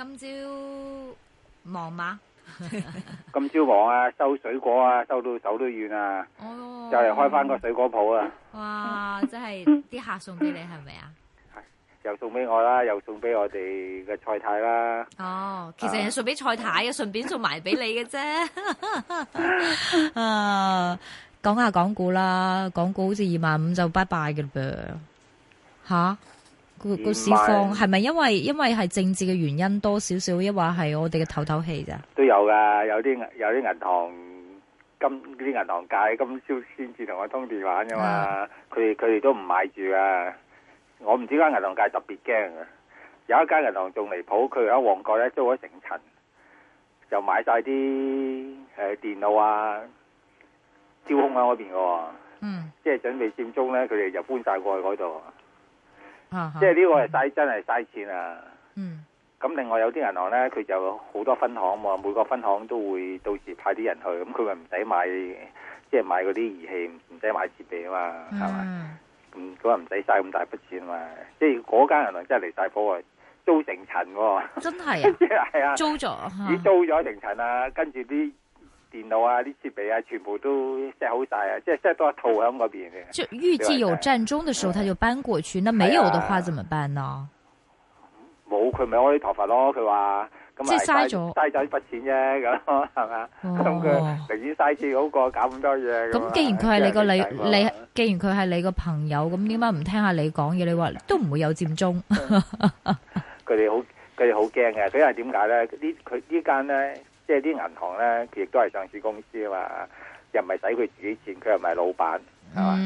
今朝忙嗎？今朝忙啊，收水果啊，收到手都軟啊，又嚟開翻個水果鋪啊！哇，真係啲客送俾你係咪啊？又送俾我啦，又送俾我哋嘅蔡太啦。哦，其實係送俾蔡太嘅，順便送埋俾你嘅啫。啊，講下港股啦，港股好似二萬五就拜拜嘅啦噃。吓？個個市況係咪因為因為係政治嘅原因多少少，抑或係我哋嘅透透氣咋？都有噶，有啲有啲銀行今啲銀行界今朝先至同我通電話噶嘛？佢佢哋都唔買住啊，我唔知間銀行界特別驚啊！有一間銀行仲離譜，佢喺旺角咧租咗成層，就買晒啲誒電腦啊，招空喺嗰邊噶。嗯，即係準備佔中咧，佢哋就搬晒過去嗰度。即係呢個係嘥真係嘥錢啊！嗯，咁另外有啲銀行咧，佢就好多分行喎，啊，每個分行都會到時派啲人去，咁佢咪唔使買，即係買嗰啲儀器，唔使買設備啊嘛，係嘛，咁佢話唔使嘥咁大筆錢啊嘛，即係嗰間銀行真係離晒譜啊，租成層喎，真係啊，係 啊，租咗，咦，啊，租咗成層啊，跟住啲。電腦啊，啲設備啊，全部都 set 好晒啊！即係即係 set 多一套響嗰邊嘅。就預計有佔中嘅時候，佢就搬過去。 那沒有的話怎麼辦啊？冇佢咪我啲頭髮咯，佢話。即係嘥咗嘥咗一筆錢啫，咁係嘛？咁佢寧願嘥錢好過搞咁多嘢。咁既然佢係你個你你，既然佢係你個、嗯、朋友，咁點解唔聽下你講嘢？你話都唔會有佔中。佢 哋好佢哋好驚嘅，因為點解咧？間呢佢呢間咧。即係啲銀行咧，佢亦都係上市公司啊嘛，又唔係使佢自己錢，佢又唔係老闆，係嘛？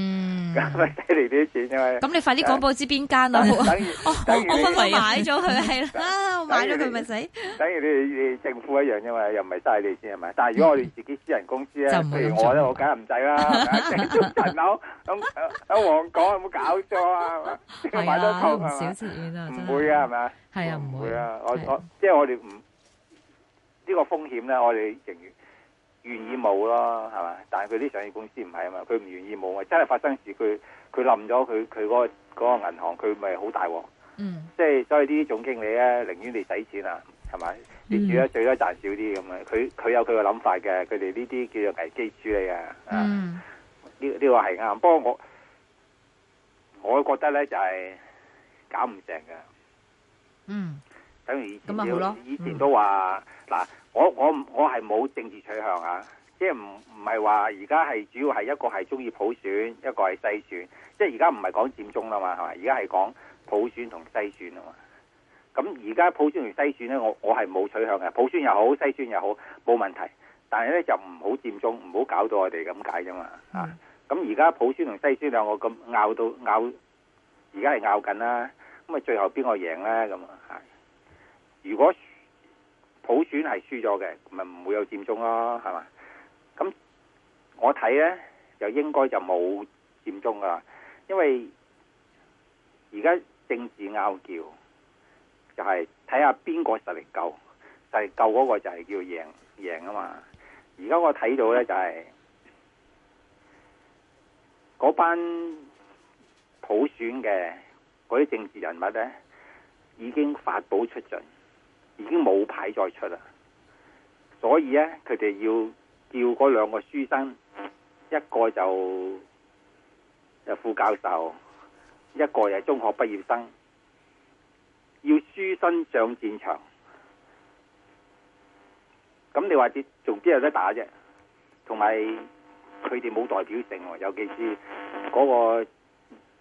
咁咪使你啲錢啫嘛？咁你快啲廣播知邊間咯！等於我我分買咗佢係啊，我買咗佢咪死？等於你哋政府一樣啫嘛，又唔係嘥你錢係咪？但係如果我哋自己私人公司咧，譬如我咧，我梗係唔使啦，成宗層樓咁喺旺角有冇搞錯啊？買咗咁少折遠啊，真係係啊，唔會啊，係嘛？係啊，唔會啊，我我即係我哋唔。呢個風險咧，我哋仍然願意冇咯，係嘛？但係佢啲上市公司唔係啊嘛，佢唔願意冇啊！真係發生時，佢佢冧咗，佢佢嗰個嗰個銀行，佢咪好大鑊。嗯。即係所以啲總經理咧，寧願你使錢啊，係咪？嗯、你住得最多賺少啲咁樣，佢佢有佢嘅諗法嘅，佢哋呢啲叫做危機處理嘅。嗯。呢呢、這個係啱，不、這、過、個、我，我覺得咧就係、是、搞唔成嘅。嗯。咁啊以，以前都話嗱、嗯，我我我係冇政治取向啊，即係唔唔係話而家係主要係一個係鍾意普選，一個係篩選，即係而家唔係講佔中啦嘛，係咪？而家係講普選同篩選啊嘛。咁而家普選同篩選咧，我我係冇取向嘅，普選又好，篩選又好，冇問題。但係咧就唔好佔中，唔好搞到我哋咁解啫嘛。啊，咁而家普選同篩選兩個咁拗到拗，而家係拗緊啦，咁啊最後邊個贏咧？咁啊，係。如果普選係輸咗嘅，咪唔會有佔中咯，係嘛？咁我睇咧就應該就冇佔中噶啦，因為而家政治拗撬就係睇下邊個實力夠，實力夠嗰個就係叫贏贏啊嘛。而家我睇到咧就係嗰班普選嘅嗰啲政治人物咧已經法寶出盡。已經冇牌再出啦，所以咧，佢哋要叫嗰兩個書生，一個就就副教授，一個就係中學畢業生，要書生上戰場，咁你話你仲邊有得打啫？同埋佢哋冇代表性，尤其是嗰個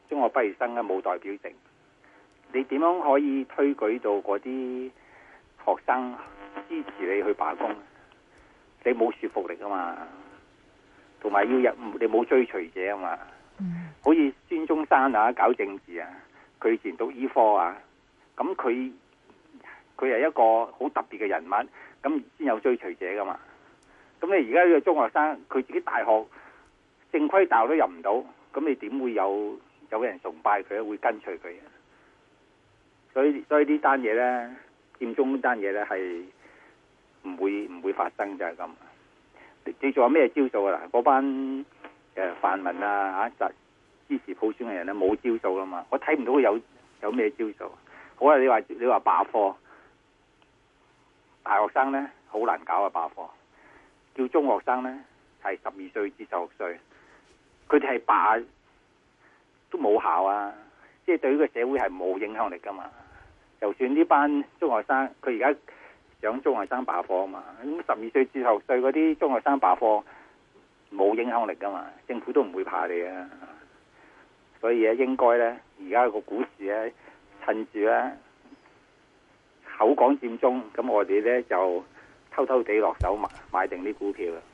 中學畢業生咧冇代表性，你點樣可以推舉到嗰啲？學生支持你去罷工，你冇說服力啊嘛，同埋要入你冇追隨者啊嘛。好似孫中山啊，搞政治啊，佢以前讀醫科啊，咁佢佢係一個好特別嘅人物，咁先有追隨者噶嘛。咁你而家呢個中學生，佢自己大學正規大學都入唔到，咁你點會有有人崇拜佢，會跟隨佢？所以所以呢單嘢咧。佔中嗰單嘢咧係唔會唔會發生就係、是、咁。你仲有咩招數啊？嗱，嗰班誒泛民啊嚇，支、啊、持普選嘅人咧冇招數啊嘛。我睇唔到有有咩招數。好啊，你話你話罷課，大學生咧好難搞啊罷課。叫中學生咧係十二歲至十六歲，佢哋係罷都冇效啊，即、就、係、是、對呢個社會係冇影響力噶嘛。就算呢班中學生，佢而家想中學生罷課啊嘛，咁十二歲之後對嗰啲中學生罷課冇影響力噶嘛，政府都唔會怕你啊。所以咧，應該咧，而家個股市咧，趁住咧口講佔中，咁我哋咧就偷偷地落手買買定啲股票啦。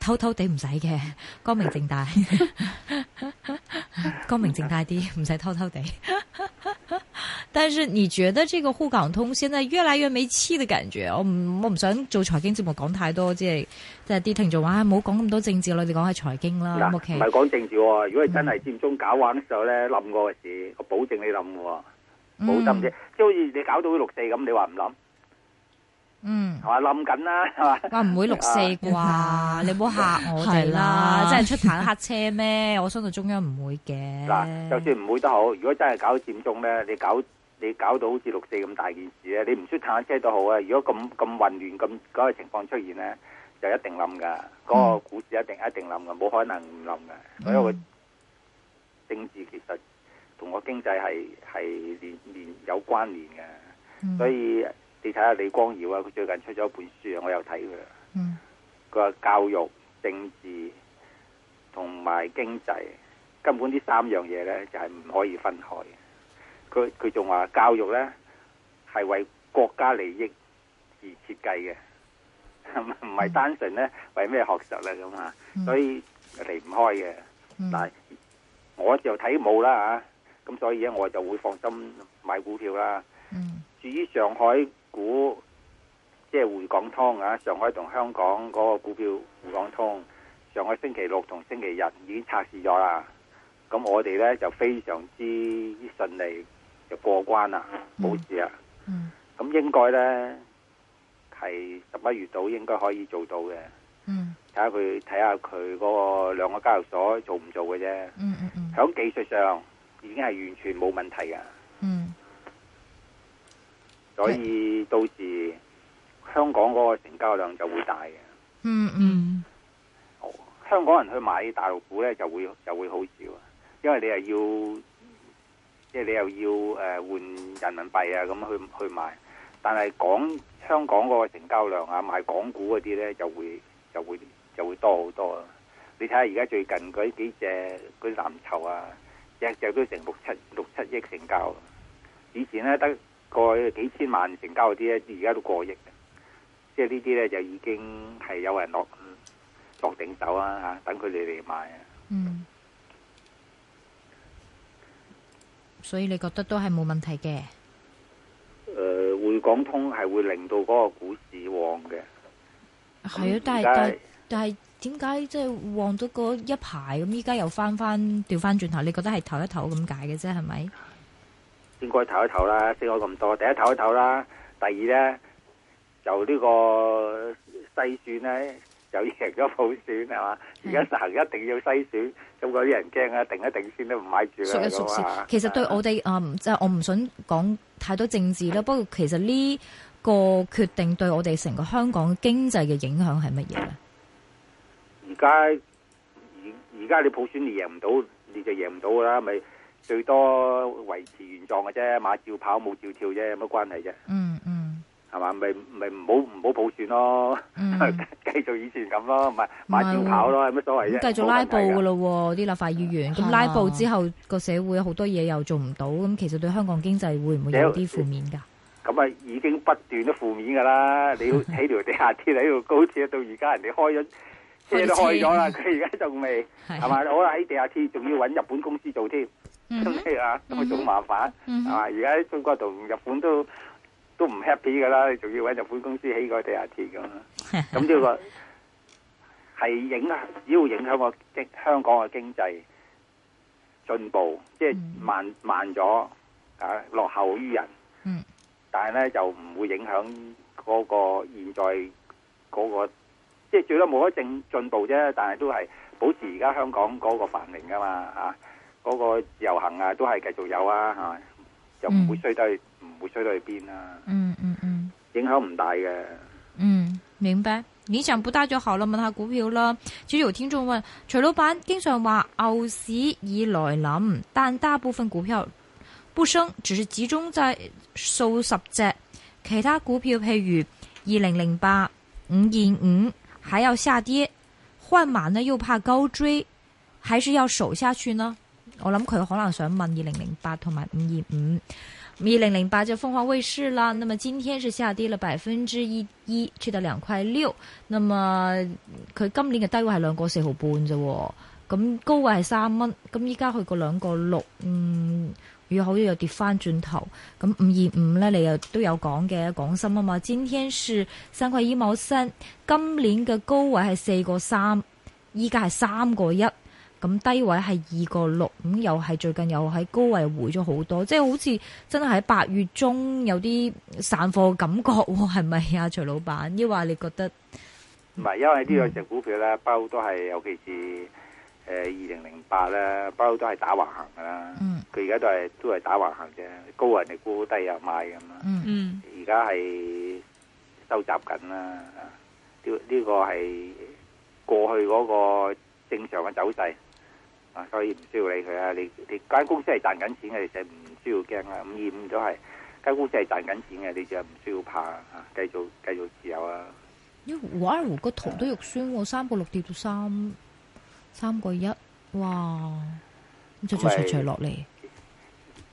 偷偷地唔使嘅，光明正大， 光明正大啲，唔使 行偷偷地。但是你覺得這個滬港通現在越來越沒氣的感覺？我唔我唔想做財經節目講太多，即係啲聽眾就話唔好講咁多政治啦，你講下財經啦。嗱，唔係講政治，如果真係佔中搞玩嘅時候咧，冧個市，我保證你冧嘅，保證啫。即係好似你搞到六四咁，你話唔冧？嗯，係嘛冧緊啦，係嘛？唔會六四啩？你唔好嚇我。係啦，真係出坦克車咩？我相信中央唔會嘅。嗱，就算唔會都好，如果真係搞佔中咧，你搞。你搞到好似六四咁大件事咧，你唔出坦克都好啊！如果咁咁混亂咁嗰個情況出現咧，就一定冧噶，嗰、嗯、個股市一定一定冧噶，冇可能唔冧噶。嗯、因為政治其實同個經濟係係連連有關聯嘅，嗯、所以你睇下李光耀啊，佢最近出咗一本書啊，我又睇佢。嗯。佢話，教育、政治同埋經濟根本呢三樣嘢咧，就係、是、唔可以分開。佢佢仲話教育呢係為國家利益而設計嘅，唔唔係單純咧為咩學習啦咁啊，嗯、所以離唔開嘅。嗯、但係我就睇冇啦吓，咁所以咧我就會放心買股票啦。嗯、至於上海股，即係滬港通啊，上海同香港嗰個股票滬港通，上個星期六同星期日已經測試咗啦，咁我哋呢就非常之順利。就過關啦，冇事啊！咁、嗯嗯、應該呢，係十一月度應該可以做到嘅。睇下佢睇下佢嗰個兩個交易所做唔做嘅啫。嗯嗯嗯，響技術上已經係完全冇問題嘅。嗯，嗯所以的到時香港嗰個成交量就會大嘅，嗯。嗯嗯，嗯、哦，香港人去買大陸股呢，就會就會好少，因為你係要。即係你又要誒換人民幣啊，咁去去買，但係港香港嗰個成交量啊，賣港股嗰啲咧，就會就會就會多好多。你睇下而家最近嗰啲幾隻嗰啲藍籌啊，隻隻都成六七六七億成交。以前咧得過幾千萬成交嗰啲咧，而家都過億嘅。即係呢啲咧就已經係有人落落頂手啊！嚇，等佢哋嚟買啊！嗯。所以你覺得都係冇問題嘅。誒、呃，滬港通係會令到嗰個股市旺嘅。係， 但係但係點解即係旺咗嗰一排咁？依家又翻翻調翻轉頭，你覺得係唞一唞咁解嘅啫？係咪？應該唞一唞啦，升咗咁多，第一唞一唞啦，第二咧就個呢個細算咧。有贏咗普選係嘛？而家實行一定要篩選，咁嗰啲人驚啊！定一定先都唔買住啦，熟熟其實對我哋啊，即係的、嗯、我唔想講太多政治啦。不過其實呢個決定對我哋成個香港經濟嘅影響係乜嘢咧？而家而而家你普選你贏唔到，你就贏唔到噶啦，咪最多維持原狀嘅啫，馬照跑，舞照跳啫，有乜關係啫，嗯？嗯嗯。係嘛？咪咪唔好唔好抱算咯，繼續以前咁咯，唔係慢住跑咯，係乜所謂啫？繼續拉布噶咯，啲立法議員咁拉布之後，個社會好多嘢又做唔到，咁其實對香港經濟會唔會有啲負面噶？咁啊，已經不斷都負面噶啦！你要喺條地下鐵，你喺度高鐵到而家人哋開咗，車都開咗啦，佢而家仲未係嘛？好啦，喺地下鐵仲要揾日本公司做添，咁咩啊？咁啊，仲麻煩係嘛？而家中國同日本都。 都唔 happy 噶啦，仲要揾日本公司起個地下鐵咁，咁呢、這個係影響，只要影響個即香港嘅經濟進步，即係慢慢咗啊，落後於人。嗯。但係咧就唔會影響嗰個現在嗰、那個，即係最多冇得進進步啫，但係都係保持而家香港嗰個繁榮噶嘛啊，嗰個自由行啊都係繼續有啊，啊就唔會衰低。嗯唔會吹到去邊啦，嗯嗯嗯，影響唔大嘅。嗯，明白，影響不大就好了。問下股票啦，其實有聽眾問，徐老闆經常話牛市已來臨，但大部分股票不升，只是集中在數十隻，其他股票譬如二零零八、五二五，還要下跌，換馬呢又怕高追，還是要守下去呢？我諗佢可能想問二零零八同埋五二五，二零零八就鳳凰衛視啦。那麼今天是下跌了百分之一一，去到兩塊六。那麼佢今年嘅低位係兩個四毫半啫，咁高位係三蚊。咁依家去過兩個六，嗯，又好似又跌翻轉頭。咁五二五呢，你又都有講嘅，廣深啊嘛。今天是三塊一毛三，今年嘅高位係四個三，依家係三個一。咁低位係二個六，咁又係最近又喺高位回咗好多，即係好似真係喺八月中有啲散貨感覺喎，係咪啊？徐老闆，抑或你覺得？唔係，因為呢兩隻股票咧，包都係尤其是誒二零零八咧，包都係打橫行噶啦。佢而家都係都係打橫行啫，高人哋沽低，低人買咁啊。嗯。而家係收集緊啦，呢呢個係過去嗰個正常嘅走勢。所以唔需要理佢啊！你你間公司係賺緊錢嘅，你就唔需要驚啦。五二五都係間公司係賺緊錢嘅，你就唔需要怕啊！繼續繼續持有啦。咦，胡阿胡個圖都肉酸喎，三個六跌到三，三個一，哇！咁再再再落嚟，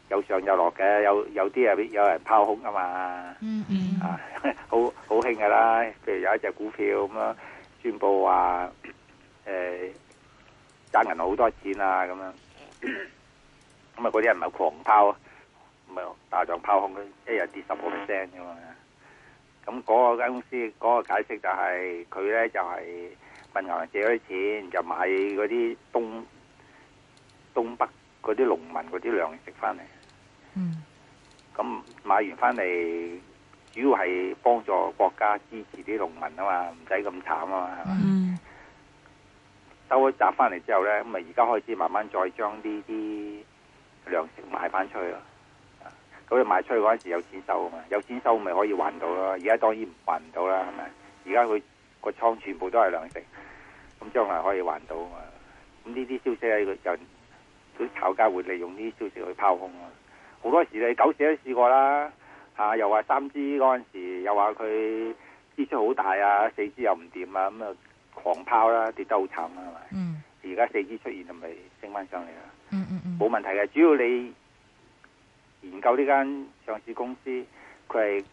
有上有落嘅，有有啲啊，有人拋空啊嘛。嗯嗯。啊，好好興噶啦！譬如有一隻股票咁樣宣布話，誒。賺銀好多錢啊！咁樣，咁啊嗰啲人咪狂拋，咪大量拋空，一日跌十個 percent 㗎嘛。咁嗰個間公司嗰、嗰個解釋就係佢咧就係、係、問銀行借咗啲錢，就買嗰啲東東北嗰啲農民嗰啲糧食翻嚟。嗯。咁買完翻嚟，主要係幫助國家支持啲農民啊嘛，唔使咁慘啊嘛，係嘛、嗯。收一扎翻嚟之後呢，咁咪而家開始慢慢再將呢啲糧食賣翻出去咯。咁啊賣出去嗰陣時有錢收啊嘛，有錢收咪可以還到咯。而家當然唔還唔到啦，係咪？而家佢個倉全部都係糧食，咁將來可以還到啊。咁呢啲消息啊，人佢炒家會利用呢啲消息去拋空啊。好多時你九四都試過啦，嚇又話三支嗰陣時，又話佢支出好大啊，四支又唔掂啊，咁啊。狂拋啦，跌得好慘啦，係咪、嗯？而家四支出現，係咪升翻上嚟啦、嗯？嗯嗯冇問題嘅，主要你研究呢間上市公司，佢係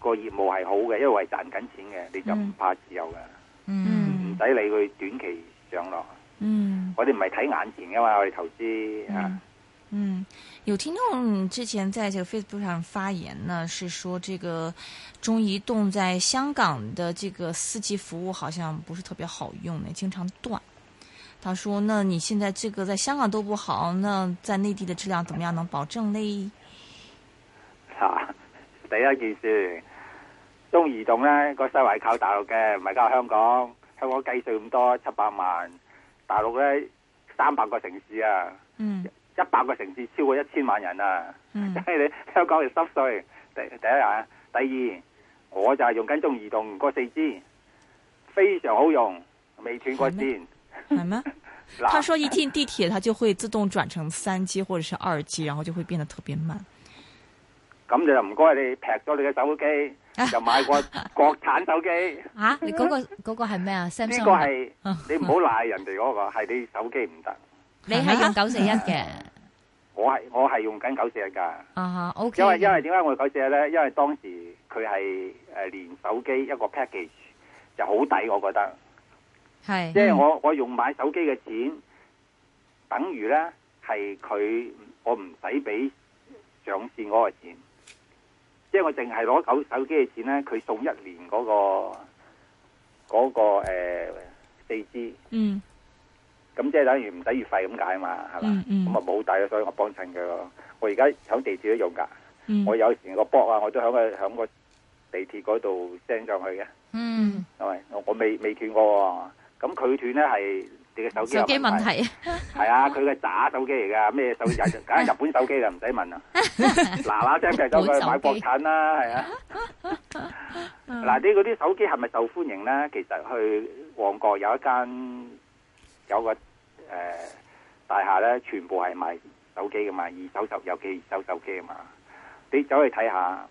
個業務係好嘅，因為係賺緊錢嘅，你就唔怕自由嘅，唔使、嗯、理佢短期上落。嗯，我哋唔係睇眼前噶嘛，我哋投資、嗯、啊。嗯，有聽眾、嗯、之前在這個 Facebook 上發言呢，是說這個中移動在香港的這個四 G 服務好像不是特別好用，呢經常斷。他說：那你現在這個在香港都不好，那在內地的質量怎麼樣？能保證呢？吓、啊，第一件事，中移動呢個西圍靠大陸嘅，唔係靠香港，香港計數咁多七百萬，大陸呢，三百個城市啊。嗯。一百個城市超過一千萬人啊！即、嗯、 香港係濕碎，第第一啊，第二，我就係用緊中移動個四 G，非常好用，未斷過電。係咩？他說一進地鐵，他就會自動轉成三 G 或者是二 G，然後就會變得特別慢。咁 就唔該你劈咗你嘅手機，又買過國產手機。吓 啊，你嗰個嗰個係咩啊？呢個係你唔好賴人哋嗰個，係你手機唔得。你係用九四一嘅，我係我係用緊九四一噶，啊、uh huh, okay. 因為因為點解我九四一咧？因為當時佢係誒連手機一個 package 就好抵，我覺得係，即係是我、嗯、我用買手機嘅錢，等於咧係佢我唔使俾上線我嘅錢，即、就、係、是、我淨係攞手手機嘅錢咧，佢送一年嗰、那個嗰、那個誒四 G。呃、嗯。咁、嗯、即係等於唔使月費咁解啊嘛，係嘛？咁啊冇帶，所以我幫襯佢咯。我而家響地鐵都用噶，嗯、我有時個波啊，我都響個響個地鐵嗰度 send 上去嘅。嗯、哦，係我未未斷過，咁佢斷咧係你嘅手機手機問題。係啊，佢嘅 假手機嚟噶，咩手機啊，日本手機就唔使問啦，嗱嗱聲就走去買國產啦，係啊。嗱， 啲 啲手機係咪受歡迎咧？其實去旺角有一間。有個誒、呃、大廈咧，全部係賣手機噶嘛，二手手有機二手手機啊嘛。你走去睇下，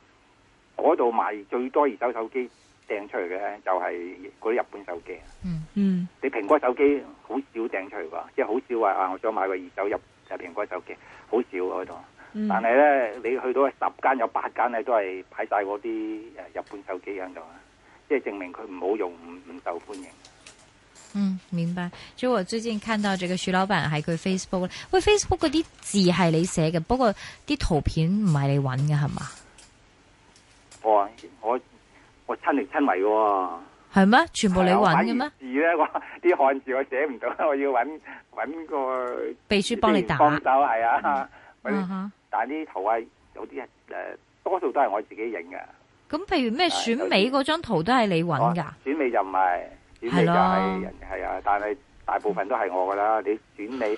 嗰度賣最多二手手機掟出嚟嘅，就係嗰啲日本手機。嗯。嗯嗯，你蘋果手機好少掟出嚟噶，即係好少話啊！我想買個二手入入蘋果手機，好少喺度。嗯、但係咧，你去到十間有八間咧，都係擺晒嗰啲誒日本手機喺度啊！即係證明佢唔好用，唔唔受歡迎。嗯，明白。所以我最近看到這個徐老闆喺佢 Facebook，喂 Facebook 嗰啲字係你寫嘅，不過啲圖片唔係你揾嘅係嘛？我啊，我我親力親為嘅。係咩？全部你揾嘅咩？字咧，啲漢字我寫唔到，我要揾揾個秘書幫你打手係啊。但係啲圖啊，有啲誒，多數都係我自己影嘅。咁譬如咩選美嗰張圖都係你揾噶？選美就唔係。嗯嗯嗯選美就係，係啊，但係大部分都係我噶啦。你選美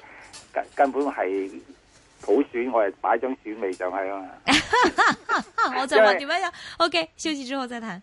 根本係普選，我係擺張選美上去啊。我就話點樣？OK，休息之後再談。